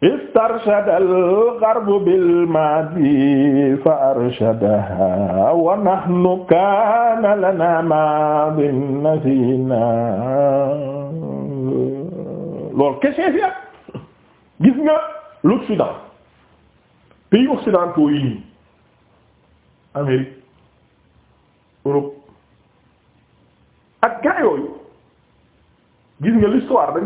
istarshada al-gharbu bil-maadi fa arshadaha wa nahnu kaana lanaa maadin nasiinaa loolu kese fi gis nga l'Occident pays occidentaux yi Amérique Europe ak gaa yooyu gis nga l'histoire dañ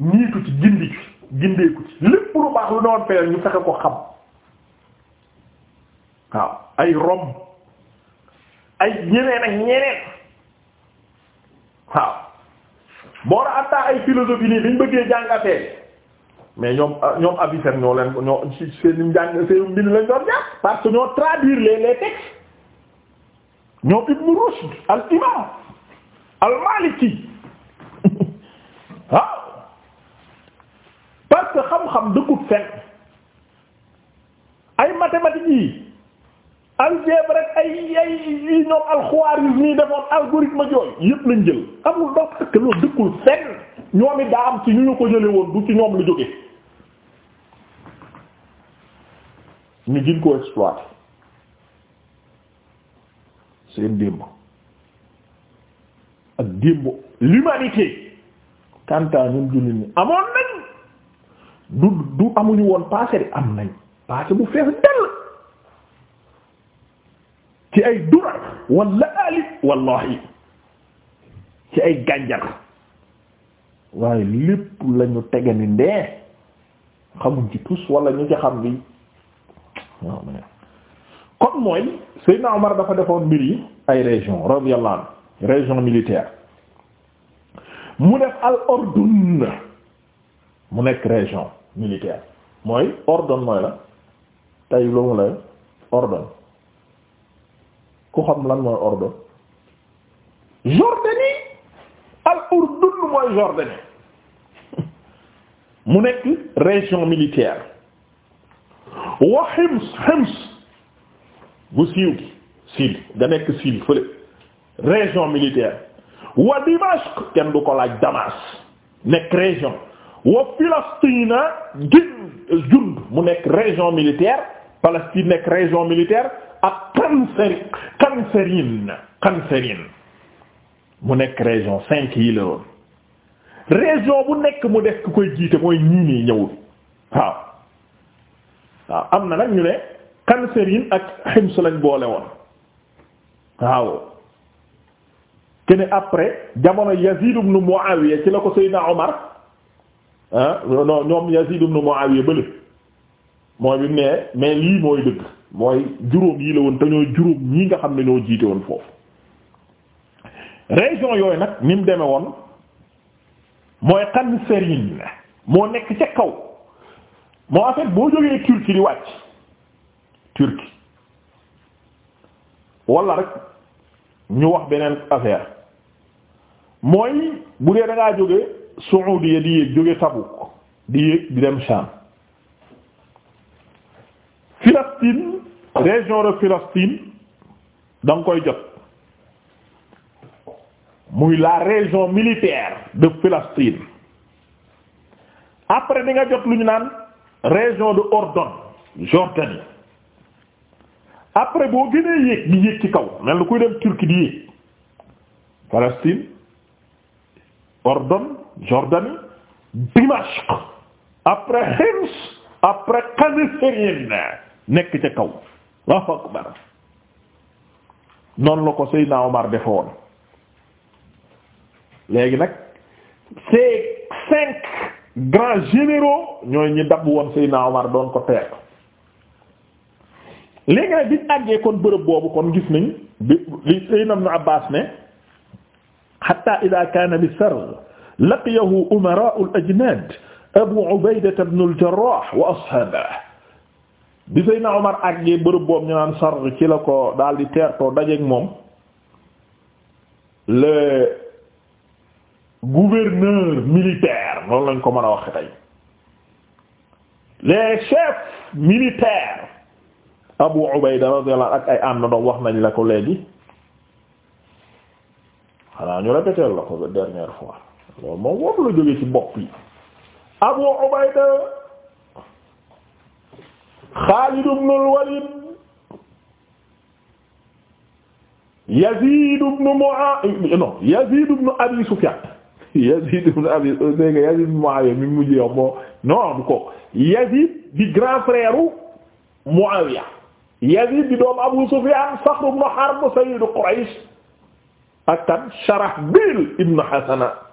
niitu ci gindi ci gindeeku ci lépp lu baax lu doon fayal ñu fexe ko xam waaw ay rom ay ñeneen ak ñeneen waaw boo ra am ay philosophie nii dañ bëggee jàngatee mais ñoom ah, ñoom Avicenne ñoo leen ñoo seen njàng seen mbind lañ doon jàpp parce que ñoo traduire les les textes ñoo Ibn Rushd al imam al Maliki ah parce que xam-xam dëkkut fen ay mathématiques yi algèbre rek ay ay yi ñoom al-Khwarizmi defoon algorithme yooyu yépp lañ jël amul dox parce que loolu dëkkul fenn ñoom it daa am ci ñu ñu ko jële woon du ci ñoom lu jóge ñu gën ko exploiter seen démb ak démb l'humanité quant jullit ñi amoon nañ du du amuñu woon passé di am nañ passé bu fees dell ci ay dura wala ali ci ay gànjar waaye lépp lañu tege ni ndee xamuñ ci tus wala ñu ci xam bi waaw kon mooy Seydina Omar dafa defoon mbir yi ay région radiyallahu anhu région militaire mu def al ordun mu nekk région militaire mooy ordon mooy la tey lu mu lay ordonne ku xam lan mooy ordonne Jordanie al Urdun mooy Jordanie mu nekk région militaire wa Hims Hims bu siiw gi Syrie da nekk Syrie fële région militaire wa Dimashq kenn du ko laaj Damas nekk région wa Filastina jund mu nekk région militaire Palestine nekk région militaire ak Kanseri Kanserine Kanserine mu nekk région cinq yi la région bu nekk mu def ku koy jiite mooy ñii nii ñëwul waaw waaw am na nag ñu ne Kanserine ak Hims lañ boole woon waaw kene après jamono Yazid ibn Muawiya ci la ko Seydina Omar non ñoom Yazid ibn Muawiya bële mooy bi mu nee mais lii mooy dëgg mooy juróom yi la woon te ñooy juróom ñii nga xam ne ñoo jiite woon foofu région yooyu nag ni mu demee woon mooy Qansariin moo nekk ca kaw moo en boo jógee Turquie di wàcc Turquie wala rek ñu wax beneen affaire mooy bu dee da ngaa Suudiya di yéeg jóge Tabuk di yéeg di dem Sham Palestine région de Palestine da koy jot muy la région militaire de Palestine après di nga jot lu ñu naan région de Ordon Jordanie après boo gënee yéeg di yéeg ci kaw mel ni kuy dem Turquie di yéeg Palestine Ordon Jordanie Dimashq après Hims après nekk ca kaw Allahu la ko Seydina Omar defe léegi nag ces cinq grands généraux ñooy ñi dab woon Seydina Omar doon ko teer léegi nag biñ àggee kon bërëb boobu kon gis nañ bi li Seydina Ibn Abbas ne hatta ila kana bi sarr laqiyahu umara'u al-ajnaad Abu Ubaydata ibn al wa ashaabuhu bi Seydina Omar àggee bërëb boobu ñu naan Sarr ci la ko daal teertoo dajeeg moom le gouverneur militaire noonu lañ ko mën a wax tey les chefs militaires Abu Ubayda radiyallahu ak ay ànd doom wax nañ la ko léegi xanaa ñu répéter la ko dernière fois loolu moom wootu la jógee ci bopp yi Abu Ubayda Xaalid ibn al-Walid Yazid ibn Muawiya non Yazid ibn Abi Sufyan Yazid ibn Abi dégg Yazid ibn Muawiya mi mujj yow moo non du ko Yazid di grand frère Muawiya Yazid di doom Abu Sufyan Saxr ibn Harb sayyid Quraysh ak kan Sharahbil ibn Hasana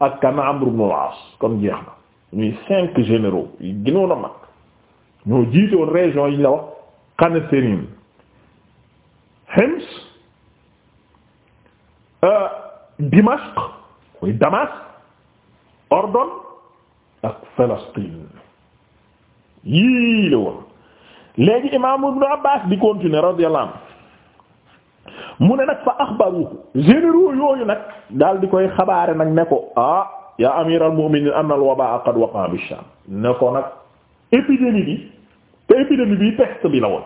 ak kan Amr ibn al-As jeex na cinq généraux yi gënoon a mag ñoo jiitoon région yi la wax Qanatirine Hims euh, Ordon ak Palestine yii la woon léegi imam Ibn Abbas di continuer radiyallahu anhu mu ne nag fa axbaru généraux yooyu nag dal di koy xabaare nag ne ko ah yaa amiral mu'minin anna al wabaa qad waqa'a bi Sham ne ko nag épidémie bi te épidémie bi peste bi la woon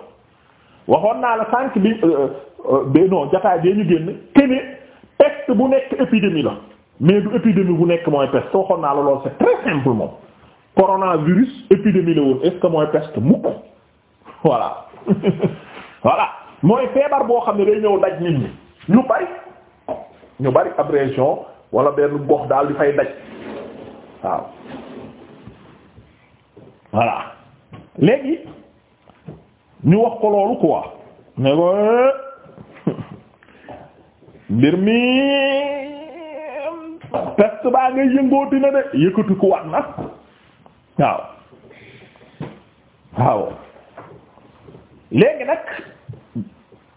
waxoon naa la sànq bi euh, euh, ba non jataay bee ñu génn kene peste bu nekk épidémie la mais du épidémie bu nekk mooy peste waxoon naa la loolu c'est très simple coronavirus épidémie la woon est mooy peste mukk voilà voilà mooy feebar boo xam ne day ñëw daj nit ñi ñu bari ñu bari ab région wala benn gox daal di fay daj waaw voilà léegi ñu wax ko loolu quoi ne ko eh, mbir mi peste baa ngay yëngooti na de yëkkati ku wat na waaw waaw léegi nag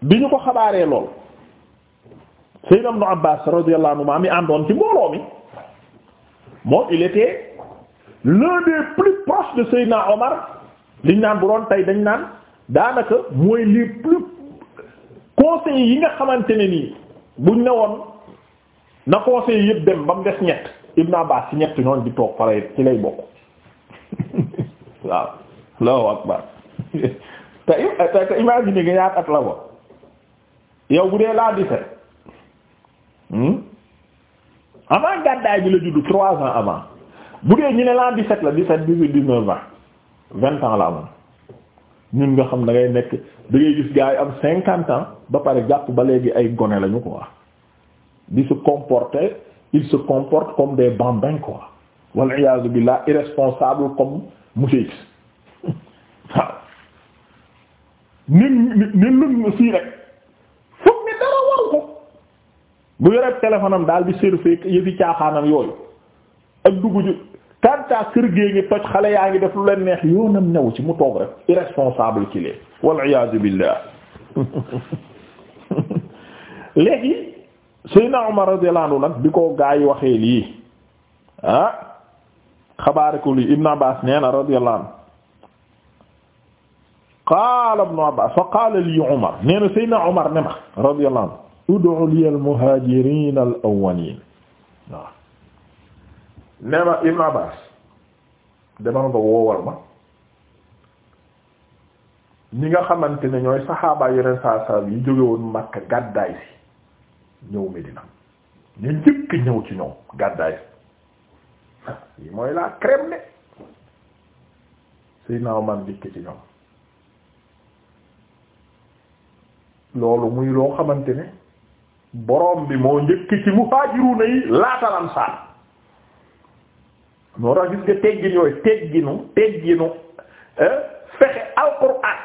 bi ñu ko xabaaree lool Sayyid Ibn Abbas radiyallahu anhu ma mi àndoon ci mbooloo mi moom il était l'un plus proches de Sayyidna Omar liñ naan bu doon tey dañ naan daanaka mooy les plus conseillers yi nga xamante ne nii buñ ne woon na conseillers yëpp dem ba mu des ñett Ibn Abbas ci ñett ñoon di toog pare ci lay bokk waaw Allahu akbar te te imagine nga ñaat at la woon yow bu dee laa dix-sept hmm? avant gàddaay bi la juddu trois ans avant bu dee ñu ne laa dix-sept la dix-sept dix-huit dix-neuf vingt vingt ans la amoon ñun nga xam dangay nekk da gis gars yi am cinquante ans ba pare jàpp ba léegi ay gone lañu quoi di se comporter ils se comportent comme des bambins quoi wal iyaazu billah irresponsable comme monsieur X waaw nin nin lun sii rek bu yore téléphone am daal di surfer yëfi caaxaanam yooyu ak dugg ju kanta kër gée ngi toj xale yaa ngi def lu leen neex yoonam new ci mu toog rek irresponsable ci leen wal iyaazu billah léegi Seydina Umar radiyallahu anhu nag bi ko gaa yi waxee lii ah xabaare ko lii Ibn Abbas nee na radiyallahu anhu qaala Ibn fa qaala lii Umar nee na Seydina Umar ne ma radiyallahu anhu ud'u li al-muhaajiriin al-awwaliin waaw nee ma nga woowal ma ñi nga xamante ne ñooy saxaaba yeneen saa saa yi jóge woon Makka gàddaay si ñëw Medina ñu njëkk ñëw ci ñoom gàddaay si ah, mooy la crème de Seydina Omar njëkk ci ñoom loolu muy loo xamante ne borom bi moo njëkk ci muhaajiruuna yi laata ansaar moo tax gis nga teggin yooyu tegginu tegginu eh, fexe alquran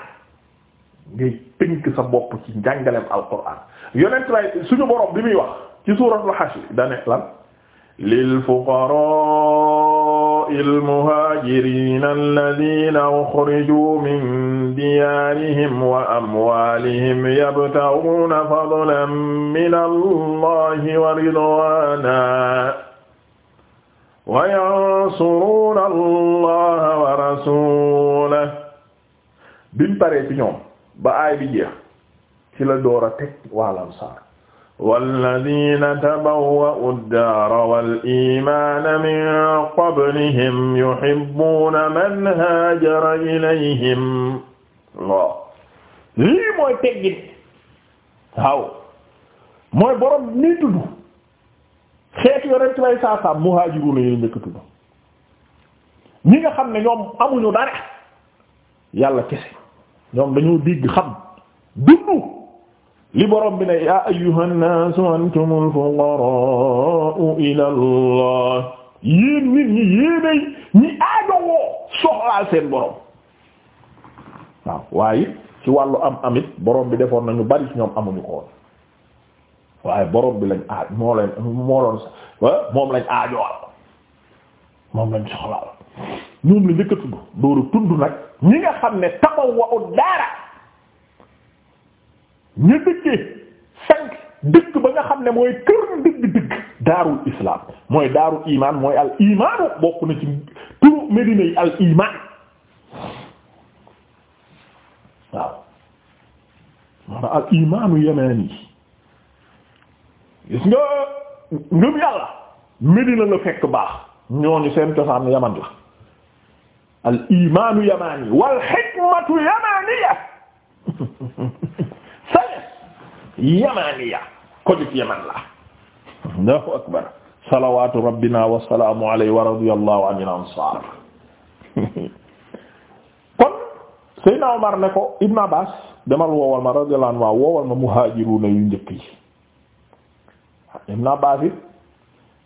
ngay tënk sa bopp ci njàngaleem alquran yonent lay suñu borom bi muy wax ci suuratul Hashr dane lil fuqaraa المهاجرين الذين أخرجوا من ديارهم وأموالهم يبتغون فضلا من الله ورضوانا وينصرون الله ورسوله bimu paree ci ñoom ba aay bi jeex ci la door a teg waa Ansaar walladina tabawwa'u ad-daara wal iimaana min qablihim yuhibbuuna man haajara ilayhim lii mooy teggin waaw mooy borom nii tudd xeetu yonent bay saa saa muhaajiruuna yi njëkk tudd ñi nga xam ne ñoom amuñu dara yàlla kese ñoom dañoo digg xam dundu li borom bi na yaa ayyuhan naasu antumul fuqaraa'u ilallah yéen nit ñi yéenay ñi aajowoo soxlaal seen borom waaw waaye ci wàllu am amit borom bi defoon nañu bari ci ñoom amuñu ko woon waaye borom bi lañ aaj moo leen moo doon moom lañ aajowaal moom lañ soxlaal ñoom la njëkk tudd dooru tudd nag ñi nga xam ne tabaw wa daara. ñu dëkkee sank dëkk ba nga xam ne mooy kër dëgg-dëgg daarul islam mooy daarul imaan mooy al imaanu bokk na ci turu Medina yi al imaan waaw al imaanu yamani gis nga ngëm yàlla Medina la fekk baax ñooñu seen cosaan yaman la al imaanu yamani wal hikmatu yamaniya yamaniya ko jëf yaman la allahu akbar salawatu rabbina wa salaamu alayhi wa radiyallahu kon Seydina Omar ne ko Ibn Abbas demal woowal ma radiyallahu woowal ma muhajiruna yu njëkk yi Ibn Abbas it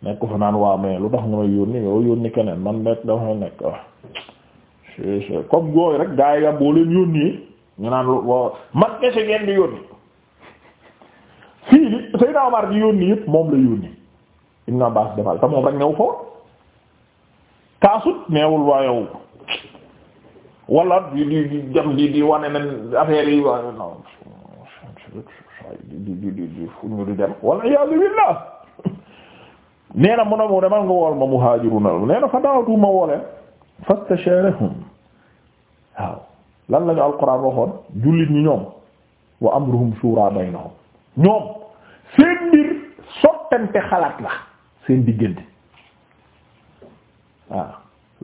nekk fa naan waaw mais lu tax nga may yónni yow yónni keneen man nekk dafa nekk ah c'est c'est comme gooy rek gaa yi boo leen yónnee ñu naan lu man kese ngeen di yónni Seydina Omar di yónni yëpp moom la yónni Ibn Abbas defal te moom rek new fa kaasut neewul waa yow wala di di di di yi waa non di di di di fu ñu di dem wala iyaazu billah nee na mu ne ma demal nga wool ma muhaajiruna nee na fa daawatu ma woolee fastasharahum waaw lan lañu alquran waxoon jullit ñi ñoom wa amruhum shura baynahum ñoom seen mbir sottante xalaat la seen diggante waaw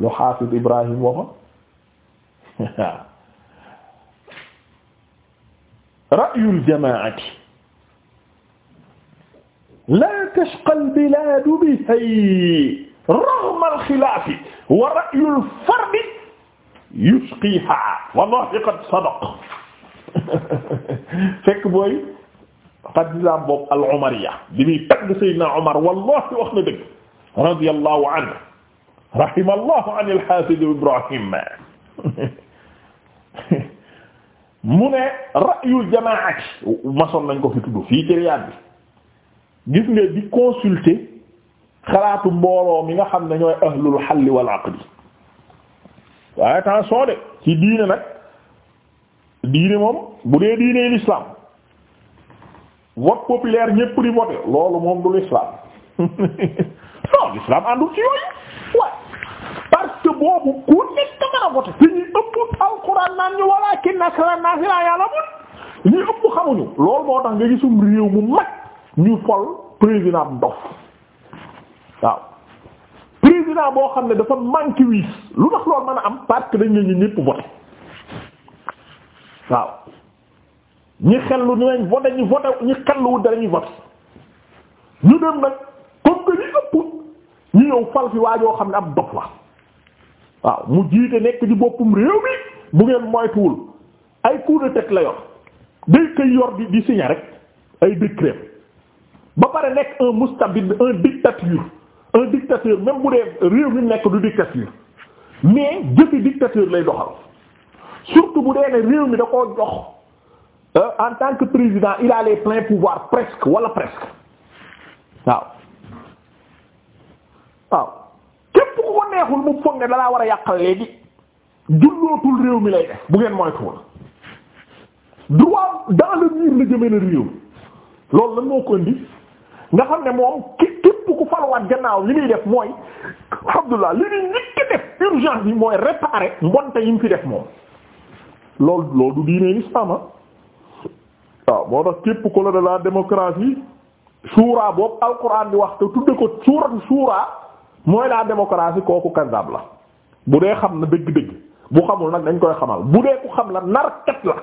lu xaafis Ibrahim waxoon ra'yul jamaa'ati laa tashqal bilaadu bihi raghma al-xilaafi wa ra'yul fardi yusqiihaa wallaahi qad sadaq fekk booy fadlilaam boobu al umariya bi muy tagg Seydina Omar wallahi wax na dëgg radiyallahu anhu rahimallahu an al-Hafiz Ibrahim mu ne ra'yul jamaati masoon nañ ko fi tudd fii ci Riyad bi gis nga di consulter xalaatu mbooloo mi nga xam ne ñooy ahlul xalli wal aqdi waaye attention de ci diine nag diine moom bu dee diine l'islam vote populaire ñépp di voter loolu moom du l'islam non l'islam àndul ci yooyu waaw parce que boobu ku nekk mën a voter te ñu ëpp alxuraan naan ñu walla ki nak la naa si laa yàlla mun ñu ëpp xamuñu loolu moo tax nga gisum réew mu mag ñu fol président dof waaw président boo xam ne dafa manqué wiis lu tax loolu mën a am parce que dañ ne ñu ñépp voter waaw ñi xellu dinañ voté ñi voté ñi xelluwul dara ñuy voté ñu dem nag comme que ñu ëpp ñu ñëw fal fi waajoo xam ne ab dof la waaw mu jiite nekk di boppum réew mi bu ngeen moytuwul ay coup de la yoon day koy yor di di signer rek ay décret ba pare nekk un mustabid un dictature un dictateur même bu dee réew mi nekk du dictature mais jëfi dictateur lay doxal surtout bu dee ne réew mi da koo jox. Euh, en tant que président il a les pleins pouvoirs presque wala presque waaw waaw képp ku ko neexul mu foog ne dalaa war a yàqal léegi jullootul réew mi lay def bu ngeen moytuwul droit dans le mur la jëmee na réew loolu lan moo ko nga xam ne moom képp ku faluwaat gannaaw li muy def mooy alhamdulilah li ñuy njëkk def urgence bi mooy réparer mbonte yi mu fi def moom loolu loolu du diine l'islam ah. waaw moo tax képp ko la de la démocratie suuraa boobu alquran di wax te tudde ko suuratu suuraa mooy la démocratie kooku kazab bu dee xam na dëgg-dëgg bu xamul nag dañ koy xamal bu dee ku xam la narkat la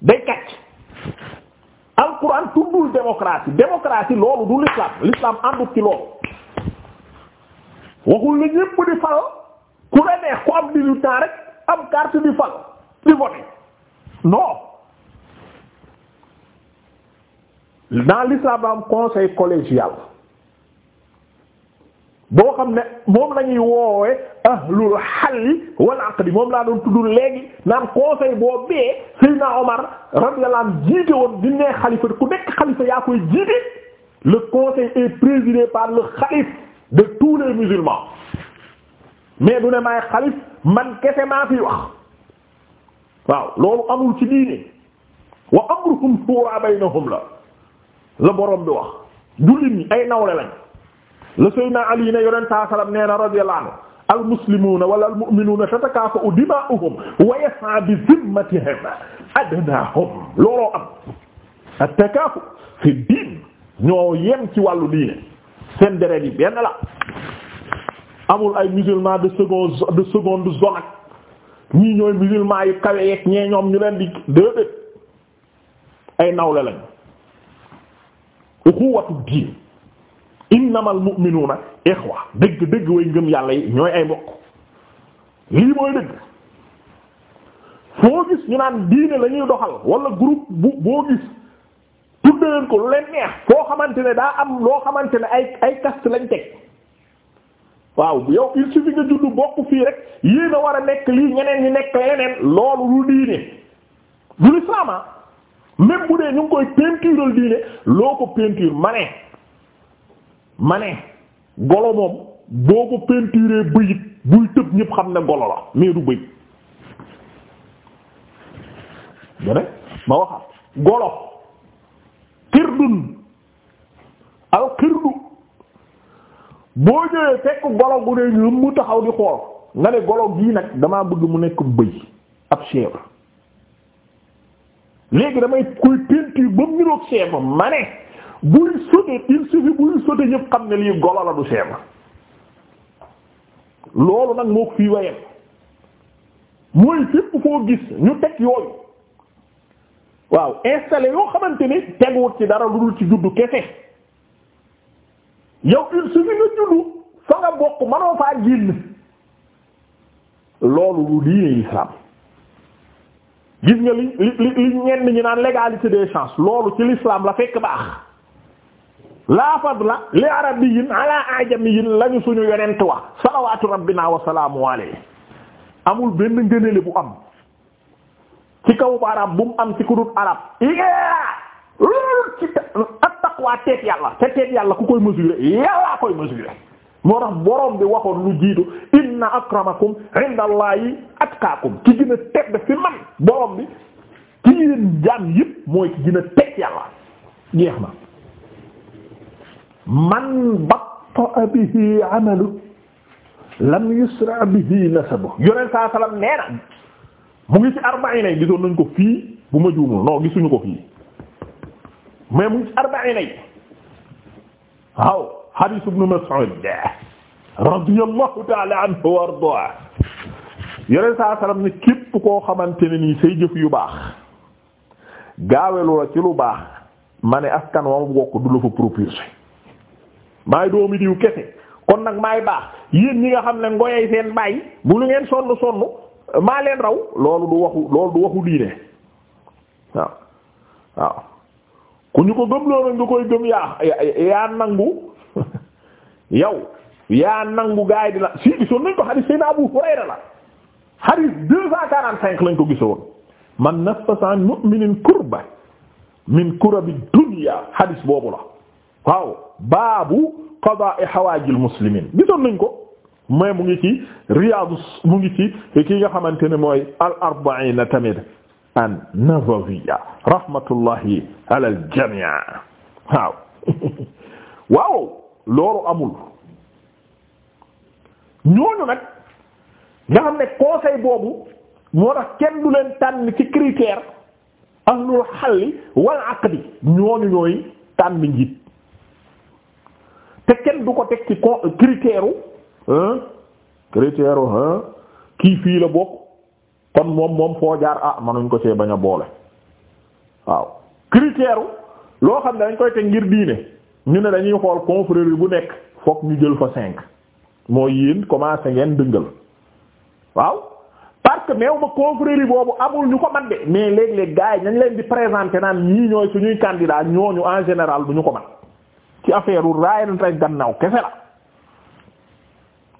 day kacc alquran tuddul démocratie démocratie loolu du l'islam l'islam àndut ci loolu waxul la ñépp di fal ku la neex ku am di lu temps rek am carte di fal di voter non dans l'islam conseil collégial boo xam ne moom la ñuy woowe ahlul halli wal aqdi moom laa doon tudd léegi naan conseil boo bee Seydina Omar radiyallahu anhu jiite woon di ne xalifa ku nekk xalifa yaa koy jiite le conseil est présidé par le khalife de tous les musulmans mais du ne maay xalif man kese maa fi wax waaw loolu amul ci diine wa amruhum shura baynahum la la borom bi wax jullit ñi ay nawle lañ la Seydina Ali ne yonent saa sallam nee na radiyallahu anhu al muslimuuna wala al mu'minuuna tatakaafa'u dimaa'uhum wa yas'a looloo am at-takaafu fi diin ñoo yem ci wàllu diine seen deret yi benn la amul ay musulman de seconde de seconde zone ak ñooy musulman yu kawe ñee ñoom ñu leen di déedéet ay nawle lañ. uxuwatu diin innamal mu'minuuna ixwa dëgg dëgg way ngëm yàlla yi ñooy ay mbokk lii mooy dëgg foo gis ñu naan diine lañuy doxal wala groupe bu boo gis tudde ko lu leen neex foo xamante ne daa am loo xamante ne ay ay kast lañ teg waaw yow il suffit nga juddu bokk fii rek yéen a war a nekk lii ñeneen ñi nekk leneen loolu lu diine du lislaama ah. même bu dee ñu ngi koy peintural diine loo ko peinture mane ne ma ne golo moom boo ko peinturé bëyit buy tëb ñëpp xam ne golo la mais du bëy gane ma waxam golo xirdun al xirdu boo ñëwee fekk golo gu ne ñu mu taxaw di xool nga ne golo gii nag damaa bëgg mu nekk bëy ab chèvre léegi damay koy peinture ba mu niroog seema ma ne buy sauter il suffit buy sauter ñëpp xam ne lii golo la du seema loolu nag moo fii wayam mooy fépp foo gis ñu teg yooyu waaw installé yoo xamante ni teguwut ci dara lu dul ci juddu kese yow il suffit nga juddu fa nga bokk manoo faa génn loolu lu diine lislaam gis nga li li li ñenn ñi naan légalité des chances loolu ci l'islam la fekk baax la fadla li arabiyyin ala ajamiyyin lañu suñu yonent wax salawaatu rabbina wa salaamu alayhi amul benn ngëneel bu am ci kaw bu bu mu am ci ku dul arab ci ak teet yàlla te teet yàlla ku koy mesurer yàllaa koy mesurer moo tax borom bi waxoon lu jiitu inna akramakum inda atkaakum ki gën a tedd fi man borom bi ki yéen jaam yëpp mooy ki gën teg yàlla jeex na man batta bihi amalu lam yusra bihi nasabu yoneen saa salaam nee na mu ngi ci arbaina yi gisoon nañ ko fii bu ma juumul non gisuñu ko fii mais mu ngi ci arbaina yi waaw hadith ibn Mas'ud radiyallahu ta'ala anhu wa ardaahu yoneen saa salaam ne képp koo xamante ne nii say jëf yu baax gaawelu la ci lu baax ma ne askan wa mu bokk du la fa propulsé maay doomi diw kese kon nag maay baax yéen ñi nga xam ne ngoyey seen bàyyi bu lu ngeen sonn sonn maa leen raw loolu du waxu loolu du waxu diine waaw waaw ku ñu ko gëm loolu nga koy gëm yaa yaa nangu yow yaa nangu gaay di la si gisoon nañ ko xadiis Seydina Abu Hurayra la hadith deux cent quarante-cinq lañ ko gisoon man naffasa an mu'minin kurba min kurabi dunya hadith boobu la waaw baabu qadaa'i hawaajil muslimiin gisoon nañ ko mais mu ngi ci Riyad mu ngi ci ki nga xamante ne mooy al arba'iin tamit an Nawawiyya rahmatullahi ala al jamii waaw waaw loolu amul ñooñu nag nga xam ne conseil boobu moo tax kenn du leen tànn ci critère ahlul xalli wal aqdi ñooñu ñooy tànn njiit te kenn du ko teg ci con critère u critère u kii fii la bokk kon moom moom foo jaar ah manuñ ko see bañ a boole waaw critère u loo xam ne dañ koy teg ngir diine ñu ne dañuy xool confrérie bu nekk fokk ñu jël fa cinq moo yéen commencé ngeen dëngal waaw parce que meew ma confrérie boobu amul ñu ko man de mais léeg-léeg gars yi nañ leen di présenter naan ñii ñooy suñuy candidat ñooñu en général bu ñu ko man ci affaire u raayante gannaaw kese la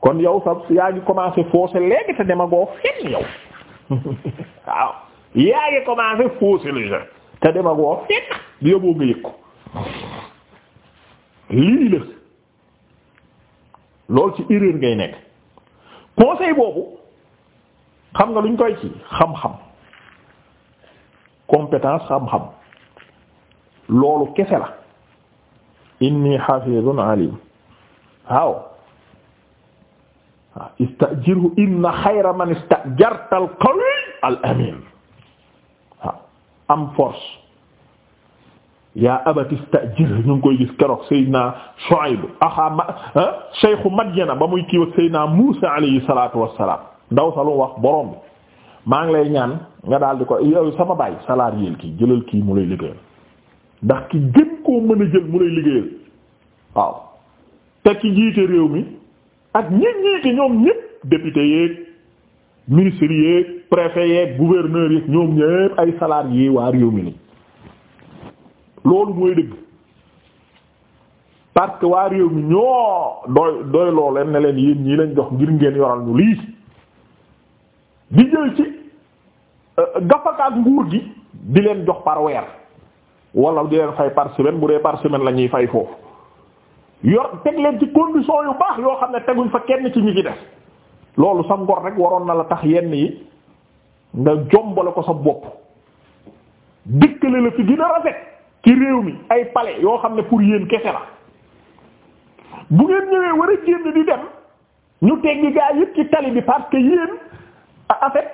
kon yow sax yaa ngi commencé fausser léegi te demagoo fenn yow yaa ngi commencé fausser le jeu te demagoo fenn di yóbboo nga yëg lii la loolu ci erreur ngay nekk conseil boobu. xam nga luñ koy ci xam-xam compétence xam-xam loolu kese la inni hafizun alim waaw waaw istajirhu inna xayra man istajarta al qawi al amin waaw am force yaa abati istajir ñu ngi koy gis keroog Seydina Shuayb axaa ma Shaykhu Madyana ba muy kiiwag Seydina Muusa alayhi salaatu wassalaam ndaw sa lu wax borom bi maa ngi lay ñaan nga daal ko yow sama baay salarié kii jëlal kii mu lay liggéeyal ndax ki gën koo mën a jël mu lay liggéeyal waaw te ki jiite réew mi ak ñi ñiite ñoom ñépp député yeeg ministre yeeg préfet yeeg gouverneur yeeg ñoom ñépp ay salarié waa réew mi ni loolu mooy dëgg parce que waa réew mi ñoo doy loo leen ne leen yéen ñii lañ jox ngir ngeen yoral ñu lii di jël ci euh, gafaka ak nguur gi di leen jox par weer wala di leen fay par semaine bu dee par semaine la ñuy fay foofu yor teg leen ci condition yu baax yoo xam ne teguñ fa kenn ci ñi ci des loolu sa ngor rek waroon na la tax yenn yi nga jombale ko sa bopp dëkkale la fi gën a rafet ci réew mi ay pale yoo xam ne pour yéen kese la bu ngeen ñëwee war a génn di dem ñu teggi gaa yëpp ci tali bi parce que yéen Ah, en fait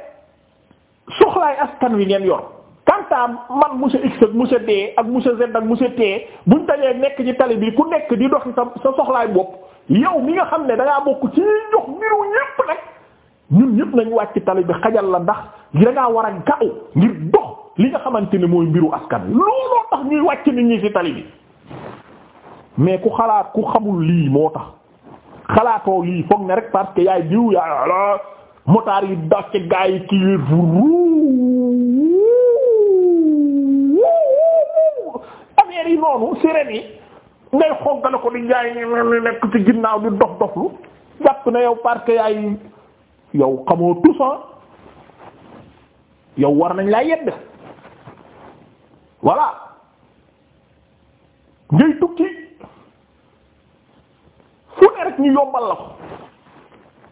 soxlaay askan wi ngeen yor kantaa man monsieur X ak monsieur D ak monsieur Z ak monsieur T buñ dajee nekk ci tali bi ku nekk di dox sa sa soxlaay bopp yow mi nga xam ne da ngaa bokk ci jox mbiru ñépp nag ñun ñépp nañ wàcc tali bi xajal la ndax da war a ngir dox li nga xamante ne mooy mbiru askan wi looloo tax ñuy wàcc nit ñi ci tali bi mais ku xalaat ku xamul lii moo tax xalaatoo lii foog ne rek parce yaay diw yaa motaar yi dàq gaa yi kii yi affaire yi noonu sirène yi ngay xoggale ko di jaay ñu nekk ci ginnaaw di dof doflu jàpp na yow parce yaay yow xamoo tusan yow war nañ laa yedd voilà ngay tukki fu ne rek ñu yombal la ko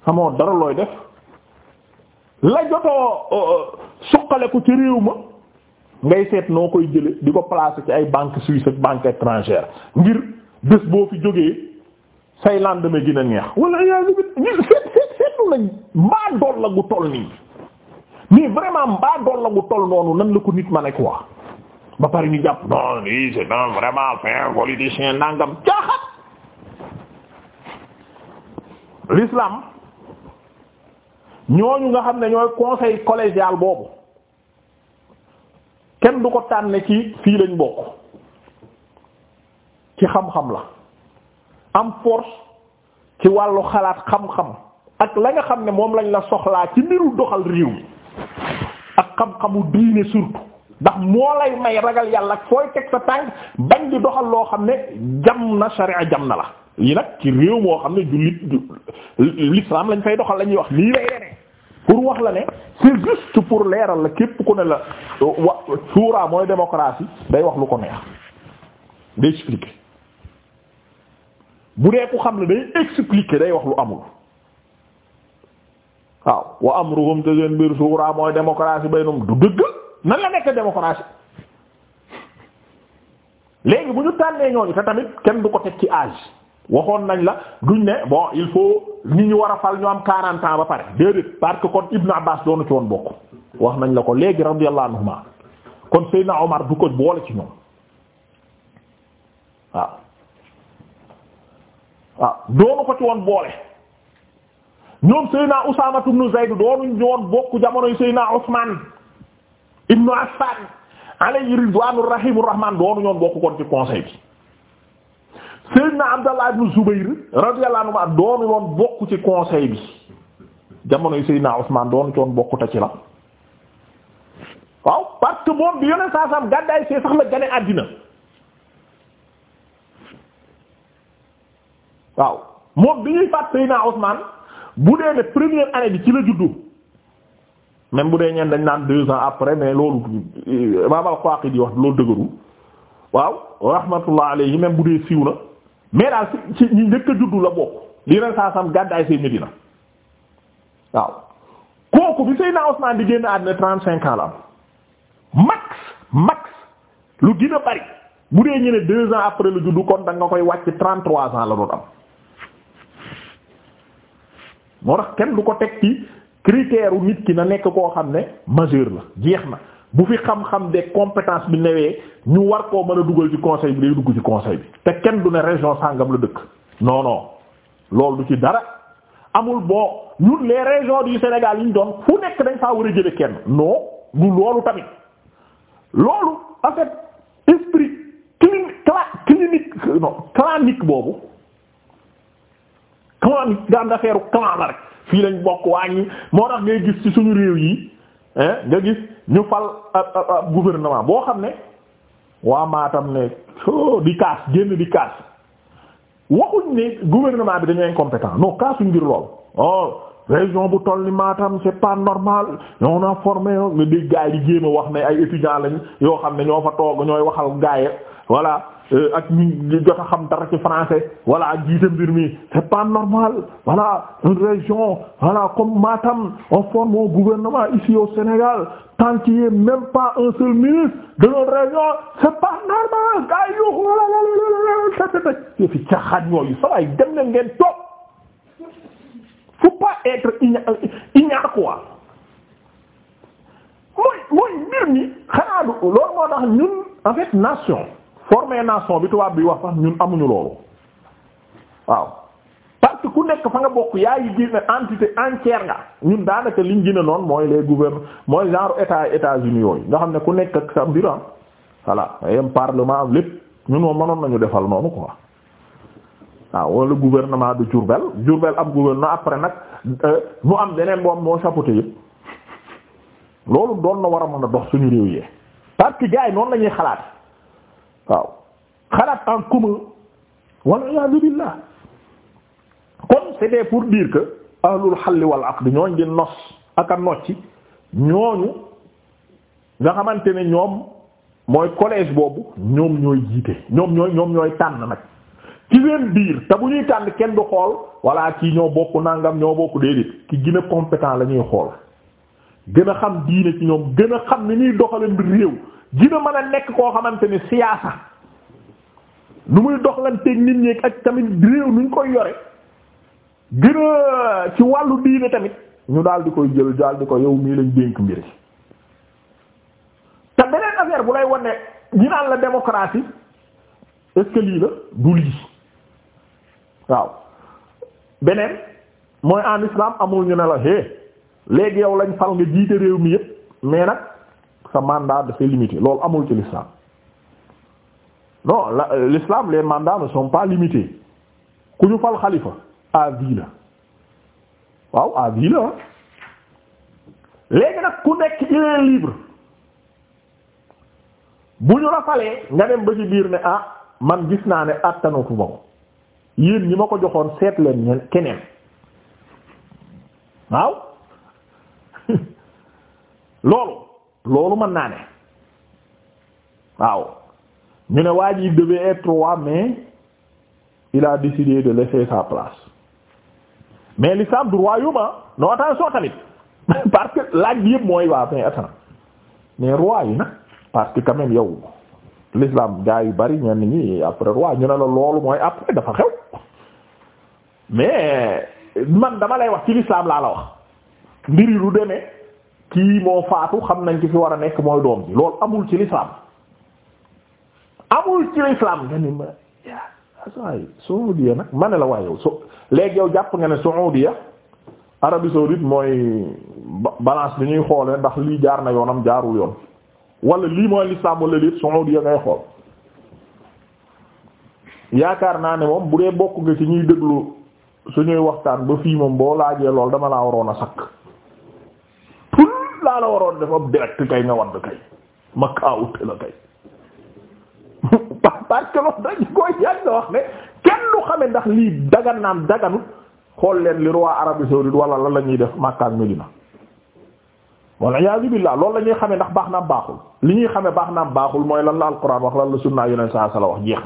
xamoo dara looy def la jotoo euh, euh, suqale ko ci réew ma ngay seet noo koy jële di ko placer ci ay banque suisse ak banque étrangère ngir bés boo fi jógee say lendemain gën a neex wala yagi bi ngir seet seet lañ mbaa dool la gu toll nii mais vraiment mbaa dool la gu toll noonu nan la ko nit ma nekk wax ba pare ñu jàpp non lii c'est non vraiment fin politicien nangam caaxat l'islam ñooñu nga xam ne ñooy conseil collégial boobu kenn du ko tànne ci fii lañ bokk ci xam-xam la am force ci wàllu xalaat xam-xam ak la nga xam ne moom lañ la soxlaa ci mbiru doxal réew mi ak xam-xamu diine surtout ndax moo lay may ragal yàlla ak fooy teg sa tànk bañ di doxal loo xam ne jam na sharia jam na la yi nag ci réew moo xam ne jullit am lañ fay doxal la ñuy wax nii lay demee pour wax la ne c'est juste pour leeral la képp ku ne la wa suuraa mooy démocratie day wax lu ko neex bu dee ku xam ne day expliquer day wax lu amul waaw wa amruhum te seen biir suuraa mooy démocratie baynum du dëgg nan la nekk démocratie léegi bu ñu tànnee ñooñu te tamit kenn du ko teg ci âge waxoon nañ la duñ ne bon il faut nit ñu war a fal ñu am 40 ans ba pare déedéet parce que kon Ibn Abbas doonu ci woon bokk wax nañ la ko léegi radiyallahu anhuma kon Seydina Omar du ko boole ci ñoom waaw waaw doonu ko ci woon boole ñoom Seydina Usaama ibn Zayd doonuñ woon bokk jamonoy Seydina Usmaan ibn Affan alayhi ridwaanu rahimu rahmaan doonuñoon bokk kon ci conseil bi Seydina Abdallah ibn Zubayr radiyallahu anhu doonu loon bokk ci conseil bi jamono yu Seydina Usmaan doon coon bokkute ci la waaw parce que moom bi yoneen saa saam gàddaay see sax la gane àddina waaw moom bi ñuy faat Seydina Usmaan bu dee ne première année bi ci la juddu même bu dee ñeen dañ naan deux ans après mais loolu Imaam al-Waaqidi wax loolu dëgëru waaw rahmatullah alayhi même bu dee siiw na mais daal ci njëkk juddu la bokk li ren sam gàddaay say Medina waaw kooku bi Seydina Usmaan di génn àddina trente cinq ans la am max max lu gën a bari bu dee ñu ne deux ans après lu juddu kon da koy wàcc trente trois ans la doon am moo tax kenn du ko teg ci critère nit ki na nekk koo xam ne majeur la jeex na bu fi xam-xam de compétence bi newee ñu war koo mën a dugal ci conseil bi day dugg ci conseil bi te kenn du ne région sàngam la dëkk non non loolu du ci dara amul boo ñun les régions du Sénégal yi ñu doon fu nekk dañ faa war a jële kenn non du loolu tamit loolu en esprit clinique non boobu clanique nga am affaire clan la rek fii lañ bokk waa ñi moo tax ngay gis ci suñu réew yi nga gis ñu fal ab euh, euh, euh, gouvernement boo xam ne waa maatam ne oh, di kaas génn di kaas waxuñ ne gouvernement bi dañoo incompétent non kaasuñ ngir lool oh région bu toll ni Matam c'est pas normal ñoo na formé nga dégg gaay di jéem wax ne ay étudiants lañ yoo xam ne ñoo fa toog ñooy waxal gaay voilà Euh, ak ñu jot a xam dara ci français voilà jiite mbir mi c'est pas normal voilà une région voilà comme on forme un gouvernement ici au Sénégal tant qu'il n'y a même seul ministre de notre région c'est pas normal gars yi yow voilà voilà voilà fi caaxaan yooyu saa yi dem leen former nation bi tubaab bi wax sax ñun amuñu loolu waaw parce que ku nekk fa nga bokk yaa yi gën a entité entière nga ñun daanaka liñ gën a noonu mooy les gouvernements mooy genre état États-Unis yooyu nga xam ne ku nekk ak sa mbir ah voilà yem parlement lépp ñun moom mënoon nañu defal noonu ko waaw wala gouvernement de Diourbel Diourbel am gouvernement après nag euh, mu am beneen moom moo chapeauté yëpp loolu doon na war a mën a dox suñu réew yi parce que yi noonu la xalaat. waaw xalaat en commun wal iyaadu billah kon c'était pour dire que ahlul xalli wal aqd ñooñ di nos ak a nocci ñooñu nga xamante ne ñoom mooy collège boobu ñoom ñooy jiite ñoom ñooy ñoom ñooy tànn nag ci seen biir te bu ñuy tànn kenn du xool walla kii ñoo bokk nangam ñoo bokk déedéet ki gën a compétent la ñuy xool gën a xam diine ci ñoom gën a xam ni ñuy doxaleen bi réew dina mën a nekk koo xamante ni siyaasa nu muy doxlanteeg nit ñi ak tamit réew nuñ koy yore gën a ci wàllu diine tamit ñu daal di koy jël daal ko yow mii lañ dénk mbiri te beneen affaire bu lay wone ñu naan la démocratie est la du lii waaw beneen mooy en islam amul ñu ne la hé léegi yow lañ fal nga jiite réew mi yépp mais nag. sa mandat dafay limité loolu amul ci l'islam non la euh, l'islam les mandats ne sont pas limités ku ñu fal xalifa à la waaw à la léegi nag ku nekk il libre bu ñu la falee nga dem ba ci biir ne ah man gis naa ne attanatu ba ko yéen ñi ma ko joxoon seet keneen waaw loolu loolu man naa ne waaw ñu ne waa ji devait être roi mais il a décidé de laisser sa place mais l'islam du royaume non attention tamit parce que laaj bi yëpp mooy waa mais attends mais roi yi nag parce que quand même yow yu bari ñenn ñi après roi ñu la loolu mooy après dafa xew mais man dama lay wax ci l'islam laa la wax mbir yi lu demee. kii moo faatu xam nañ ki fi war a nekk mooy doom bi lool amul ci l'islam amul ci l'islam nga ni ma waaye Saudiya nag ma ne la waaye yow so léegi yow jàpp nga ne Saudiya Arabie saoudite mooy balance bi ñuy xoole ndax lii jaar na yoonam jaarul yoon wala lii mooy l'islam wala lii Saudiya ngay xool yaakaar naa ne moom bu dee bokk nga ci ñuy déglu suñuy waxtaan ba fii moom boo laajee lool dama laa waroon a sakk laa la waroon dafa direct kay nga wadd kay ma kaawute la kay parce que loolu dañ koy yàgg wax ne kenn lu xame ndax lii dagan daganut xool leen li roi Arabie saoudite wala la la ñuy def Makka ak Medina wala iyaazu billaah la ñuy xamee ndax baax naam baaxul li ñuy xamee baax naam baaxul mooy lan la alquran wax lan la sunna yoneen saa sala wax jeex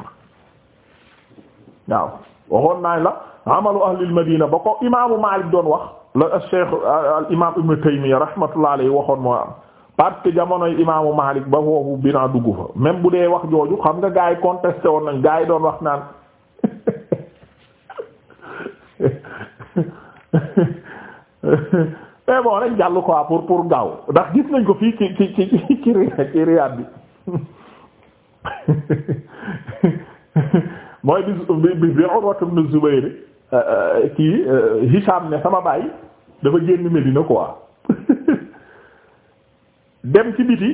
na waaw waxoon naa la amalu ahlil madina ba ko imaamu Maalik doon wax la cheikh al imam ibn Taymiyya rahmatullah alayhi waxoon moo am parce que jamonoy imaamu Malik ba foofu bina dugg fa même bu dee wax jooju xam nga gars yi contesté woon nañ gars doon wax naan mais bon rek jàll quoi pour pour gaaw ndax gis nañ ko fii ci ci ci ci ci bi mooy bi bi bi Urwa ibn Zubayr kii Hicham ne sama baay dafa génn Medina quoi dem ci biti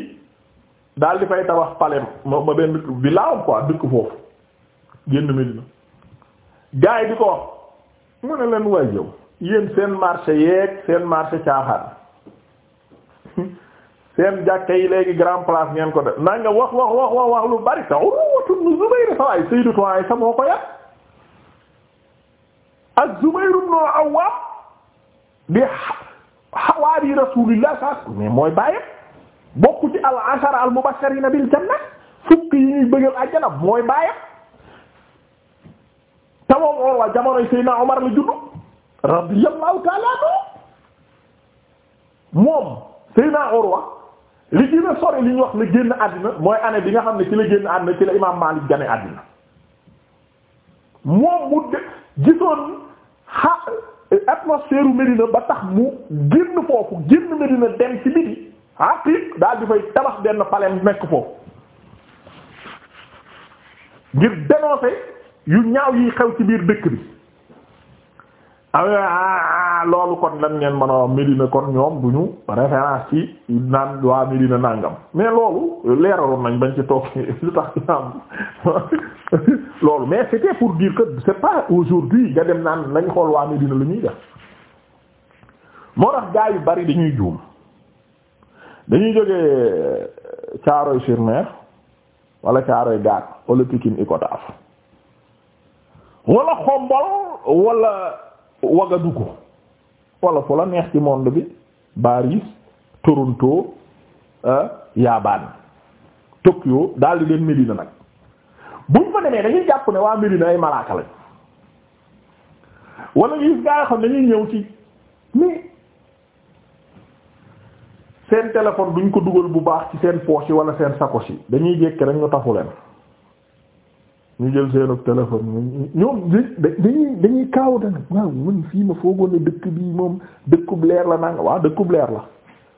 daal di fay tabax palais ma ma benn bi laawam quoi dëkk foofu génn Medina gars yi di ko wax mu ne leen waay yow yéen seen marché yeeg seen marché caaxaan seen jàkka yi léegi grand place ngeen ko def naa wax wax wax wax lu bari sa Urwatu ibn Zubayr sa waay Sayyidatu moo ko yàq az-Zubayr ibn Awwam bi hawaari Rasulillah sa mais mooy bàyyam bokku al-ashara al-mubashshirina bil janna fukk yi ñuy bëggal àjjana mooy bàyyam te moom Urwa jamonoy Seydina Omar la juddu radiyallahu ta'ala moom Seydina Urwa li gën a sori li ñu wax la génn àddina mooy année bi nga xam ne ci la génn àddina ci la imaam Maalik gane àddina moom mu gisoon xa atmosphère u Medina ba tax mu génn foofu génn Medina dem ci biti Aqiq daal di fay tabax benn palais nekk foofu ngir dénoncer yu ñaaw yi xew ci biir dëkk bi ah, ah, ah, loolu kon lan ngeen mën a wax Médina kon ñoom du ñu référence ci naan waa Médina nàngam mais loolu leeraloon nañ bañ ci toog lu tax naam loolu mais c'était pour dire que c'est pas aujourd'hui nga dem naan nañ xool waa Médina lu ñuy def moo tax gaa yu bari dañuy juum dañuy jógee Caaroy euh, sur Mer wala Caaroy Gàtt wala Pikine Icotaf wala Xombol wala Ouagadougou wala fu neex ci monde bi Paris Toronto ah, Yabane Tokyo daal di leen Médina nag buñ fa demee dañuy jàpp ne waa Médina ay malaaka lañ wala gis gaa yi xam dañuy ñëw ci mais seen téléphone duñ ko dugal bu baax ci seen poche yi wala seen sacoche yi dañuy jékki rek ñu leen ñu jël seen téléphone ñoom dañuy dañuy kaaw da waaw man fii ma foogoon ne dëkk bii moom dëkkub leer la nanga waaw dëkkub leer la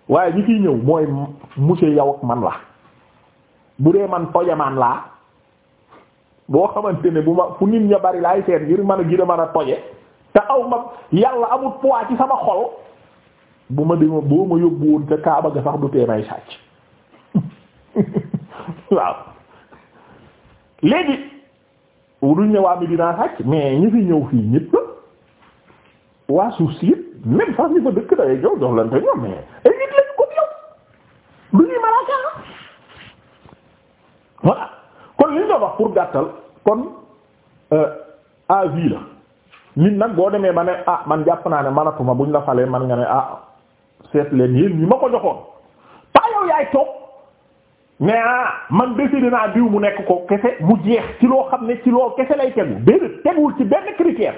waaye ñi fiy ñëw mooy monsieur yow ak man la bu dee man tojamaan laa boo xamante ne bu ma fu nit ña bari laay seet ngir mën a gën a a toje te aw ma yàlla amul poids ci sama xol bu ma dema boo ma yóbbu woon ca Kaaba ga sax du tee may sàcc waaw léegi duñ ne waa Medina sàcc mais ñu fi ñëw fii ñëpp waa suuf si yëpp même sax fa dëkk dayee jox jox lante ñoom mais ay nit lañu ko yow du ñuy malaaka voilà kon li ñu doon pour gàttal kon avis euh, la nit nag boo demee ba ne ah man jàpp naa ne manatuma buñ la falee man nga ne ah seet leen yéen ma ko joxoon pas yow yaay toog mais ah man décidé naa diw mu nekk ko kese mu jeex ci loo xam ne ci loo kese lay tegu déedéet teguwul ci benn critère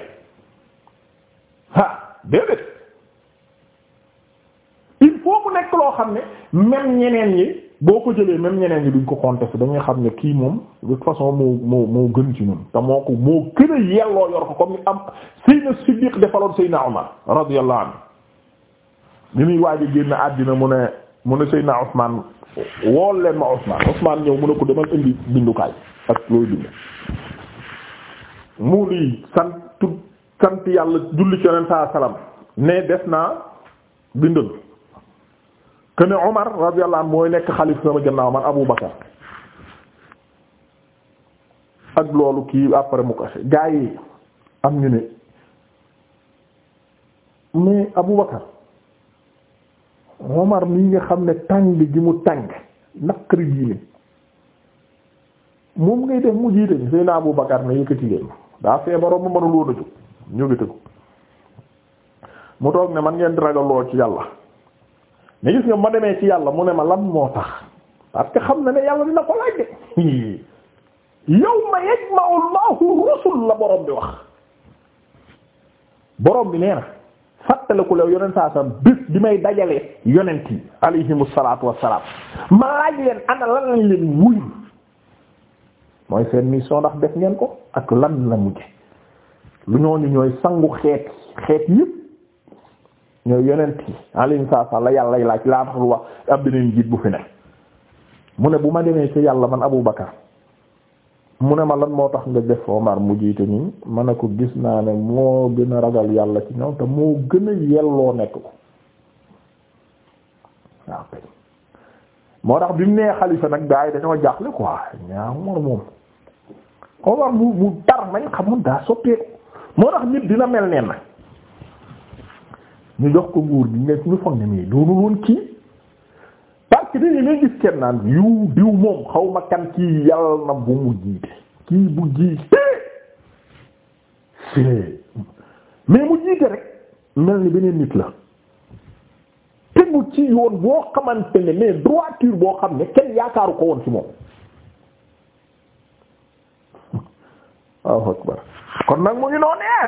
ah déedéet il faut mu nekk loo xam ne même ñeneen ñi boo ko jëlee même ñeneen ñi duñ ko contester dañuy xam ne kii moom de toute façon moo moo moo gën ci ñun te moo ko moo gën a yelloo yor ko comme ni am Seydina Siddiq defaloon Seydina Omar radiyallahu anhu li muy waaj a génn àddina mu ne mu ne Seydina Ousmane wool leen ma Ousmane Ousmane ñëw mun a ko demal indi bindukaay ak mu lii yàlla julli des naa bindal que mooy nekk xalif loolu kii après mu kase gaa yi am ñu ne mais Abu Omar mii nga xam ne tàng gi mu tàng naqari diine moom ngay def mu jiite ñu Seydina Abu Bakar na yëkkati leen daa feebaroon mu mënul woon a jóg ñu ngi tëgg mu toog ne man ngeen ragaloo ci yàlla mais gis nga ma demee ci yàlla mu ne ma lan moo tax parce que xam na ne yàlla dina ko laaj de yawma yajma'u Allahu rusul la borom bi wax borom bi nee na. fàttaliku la yonent saa sa bis bi may dajale yonent yi alayhimu salaatu wassalaam ma laaj leen ana lan lañ leen wuyu mooy seen mission ndax def ngeen ko ak lan la mujje lu ñooñu ñooy sangu xeet xeet yëpp ñooy yonent yi alayhimu saa sa la yàlla laaj laa tax lu wax ab beneen jiit bu fi ne mu ne bu ma demee ci yàlla man Abu Bakar mu ne ma lan moo tax nga def Omar mu jiite nii ma ne ko gis naa ne moo gën a ragal yàlla ci ñoom te moo gën a yelloo nekk ko moo tax bi mu nee xalifa nag gaa yi dañoo jaaxle ko ñaa Omar moom Omar mu mu dar nañ xamul daa soppeeku moo tax nit dina mel neen na ñu jox ko nguur gi nga ñu foog ne mii doonul woon kii parce que dañu leen gis kenn naan yu diw moom xaw ma kan kii yàlla na bu mu jiite kii bu jiite mais mu jiite rek mel ni beneen nit la tegu ci yoon boo xamante ne mais droiture boo xam ne kenn yaakaaru ko woon ci moom waaw akbar kon nag mu ngi noonee